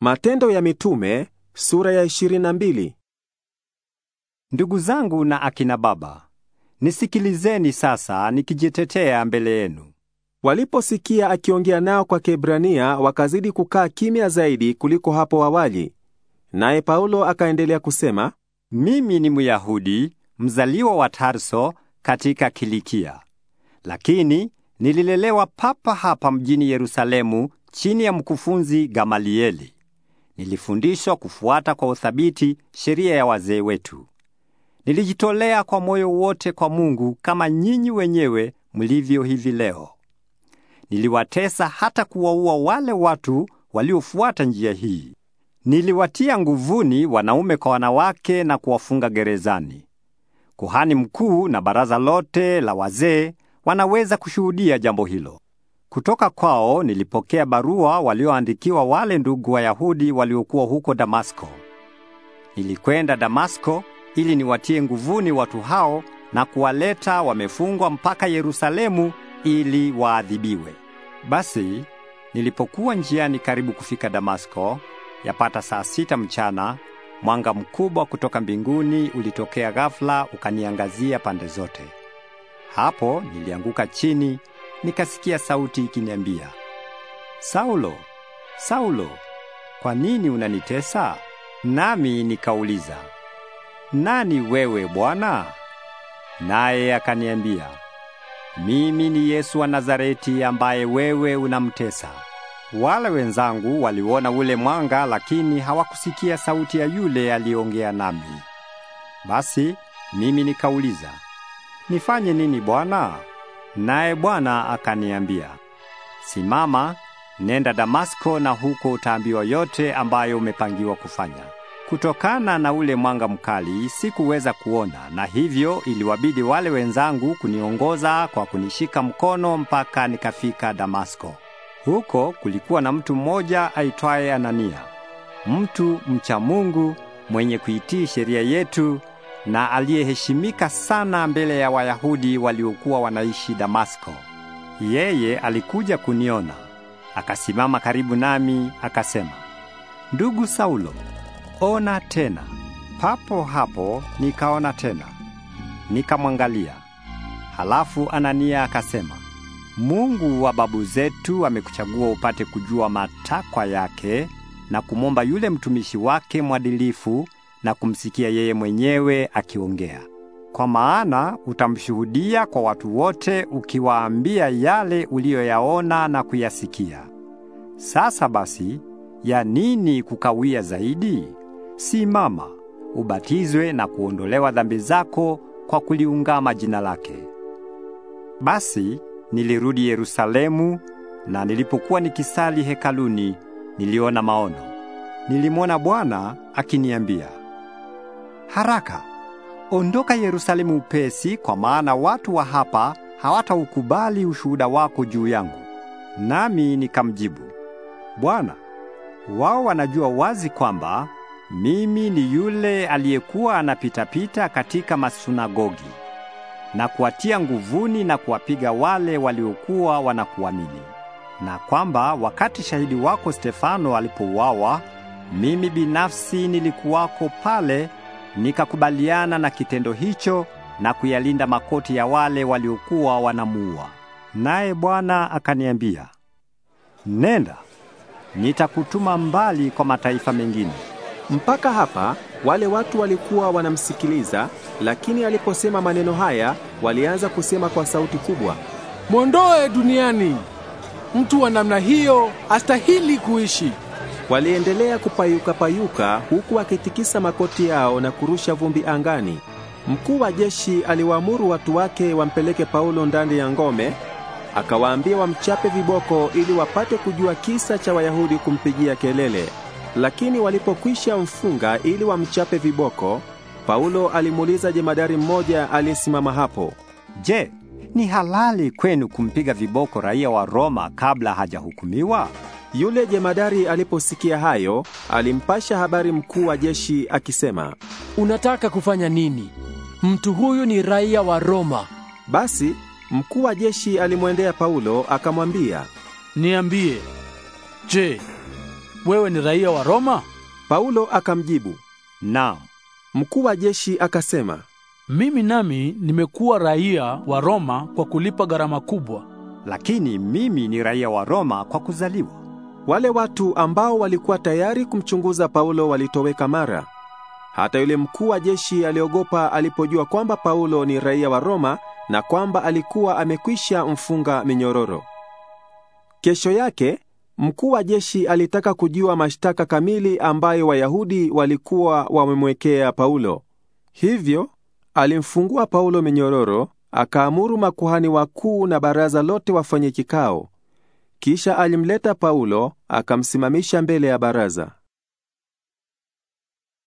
Matendo ya Mitume sura ya 22. Ndugu zangu na akina baba, nisikilizeni sasa nikijitetea mbele yenu. Waliposikia akiongea nao kwa Kiebrania, wakazidi kukaa kimya zaidi kuliko hapo awali. Naye Paulo akaendelea kusema, mimi ni Myahudi mzaliwa wa Tarso katika Kilikia, lakini nililelewa papa hapa mjini Yerusalemu chini ya mkufunzi Gamalieli. Nilifundishwa kufuata kwa uthabiti sheria ya wazee wetu. Nilijitolea kwa moyo wote kwa Mungu kama nyinyi wenyewe mlivyo hivi leo. Niliwatesa hata kuwaua wale watu waliofuata njia hii. Niliwatia nguvuni wanaume kwa wanawake na kuwafunga gerezani. Kuhani mkuu na baraza lote la wazee wanaweza kushuhudia jambo hilo. Kutoka kwao nilipokea barua walioandikiwa wale ndugu Wayahudi waliokuwa huko Damasko. Nilikwenda Damasko ili niwatie nguvuni watu hao na kuwaleta wamefungwa mpaka Yerusalemu ili waadhibiwe. Basi nilipokuwa njiani karibu kufika Damasko, yapata saa sita mchana, mwanga mkubwa kutoka mbinguni ulitokea ghafla ukaniangazia pande zote. Hapo nilianguka chini nikasikia sauti ikiniambia, Saulo, Saulo, kwa nini unanitesa? Nami nikauliza, nani wewe Bwana? Naye akaniambia, mimi ni Yesu wa Nazareti ambaye wewe unamtesa. Wale wenzangu waliona ule mwanga, lakini hawakusikia sauti ya yule aliongea nami. Basi mimi nikauliza, nifanye nini Bwana? Naye Bwana akaniambia, simama, nenda Damasko, na huko utaambiwa yote ambayo umepangiwa kufanya. Kutokana na ule mwanga mkali sikuweza kuona, na hivyo iliwabidi wale wenzangu kuniongoza kwa kunishika mkono mpaka nikafika Damasko. Huko kulikuwa na mtu mmoja aitwaye Anania, mtu mcha Mungu mwenye kuitii sheria yetu na aliyeheshimika sana mbele ya Wayahudi waliokuwa wanaishi Damasko. Yeye alikuja kuniona, akasimama karibu nami, akasema, Ndugu Saulo, ona tena. Papo hapo nikaona tena, nikamwangalia. Halafu Anania akasema, Mungu wa babu zetu amekuchagua upate kujua matakwa yake na kumwomba yule mtumishi wake mwadilifu na kumsikia yeye mwenyewe akiongea. Kwa maana utamshuhudia kwa watu wote ukiwaambia yale uliyoyaona na kuyasikia. Sasa basi, ya nini kukawia zaidi? Simama, ubatizwe na kuondolewa dhambi zako kwa kuliungama jina lake. Basi nilirudi Yerusalemu na nilipokuwa nikisali hekaluni niliona maono. Nilimwona Bwana akiniambia, haraka, ondoka Yerusalemu upesi, kwa maana watu wa hapa hawataukubali ushuhuda wako juu yangu. Nami nikamjibu, Bwana, wao wanajua wazi kwamba mimi ni yule aliyekuwa anapitapita katika masunagogi na kuwatia nguvuni na kuwapiga wale waliokuwa wanakuamini, na kwamba wakati shahidi wako Stefano alipouawa, mimi binafsi nilikuwako pale Nikakubaliana na kitendo hicho na kuyalinda makoti ya wale waliokuwa wanamuua. Naye Bwana akaniambia, nenda, nitakutuma mbali kwa mataifa mengine. Mpaka hapa wale watu walikuwa wanamsikiliza, lakini aliposema maneno haya, walianza kusema kwa sauti kubwa, mwondoe duniani, mtu wa namna hiyo astahili kuishi. Waliendelea kupayuka-payuka huku wakitikisa makoti yao na kurusha vumbi angani. Mkuu wa jeshi aliwaamuru watu wake wampeleke Paulo ndani ya ngome, akawaambia wamchape viboko ili wapate kujua kisa cha Wayahudi kumpigia kelele. Lakini walipokwisha mfunga ili wamchape viboko, Paulo alimuuliza jemadari mmoja aliyesimama hapo, "Je, ni halali kwenu kumpiga viboko raia wa Roma kabla hajahukumiwa?" Yule jemadari aliposikia hayo, alimpasha habari mkuu wa jeshi akisema, unataka kufanya nini? Mtu huyu ni raia wa Roma. Basi mkuu wa jeshi alimwendea Paulo akamwambia, niambie, je, wewe ni raia wa Roma? Paulo akamjibu, naam. Mkuu wa jeshi akasema, mimi nami nimekuwa raia wa Roma kwa kulipa gharama kubwa, lakini mimi ni raia wa Roma kwa kuzaliwa. Wale watu ambao walikuwa tayari kumchunguza Paulo walitoweka mara. Hata yule mkuu wa jeshi aliogopa alipojua kwamba Paulo ni raia wa Roma na kwamba alikuwa amekwisha mfunga minyororo. Kesho yake mkuu wa jeshi alitaka kujua mashtaka kamili ambayo Wayahudi walikuwa wamemwekea Paulo. Hivyo alimfungua Paulo minyororo, akaamuru makuhani wakuu na baraza lote wafanye kikao. Kisha alimleta Paulo akamsimamisha mbele ya baraza.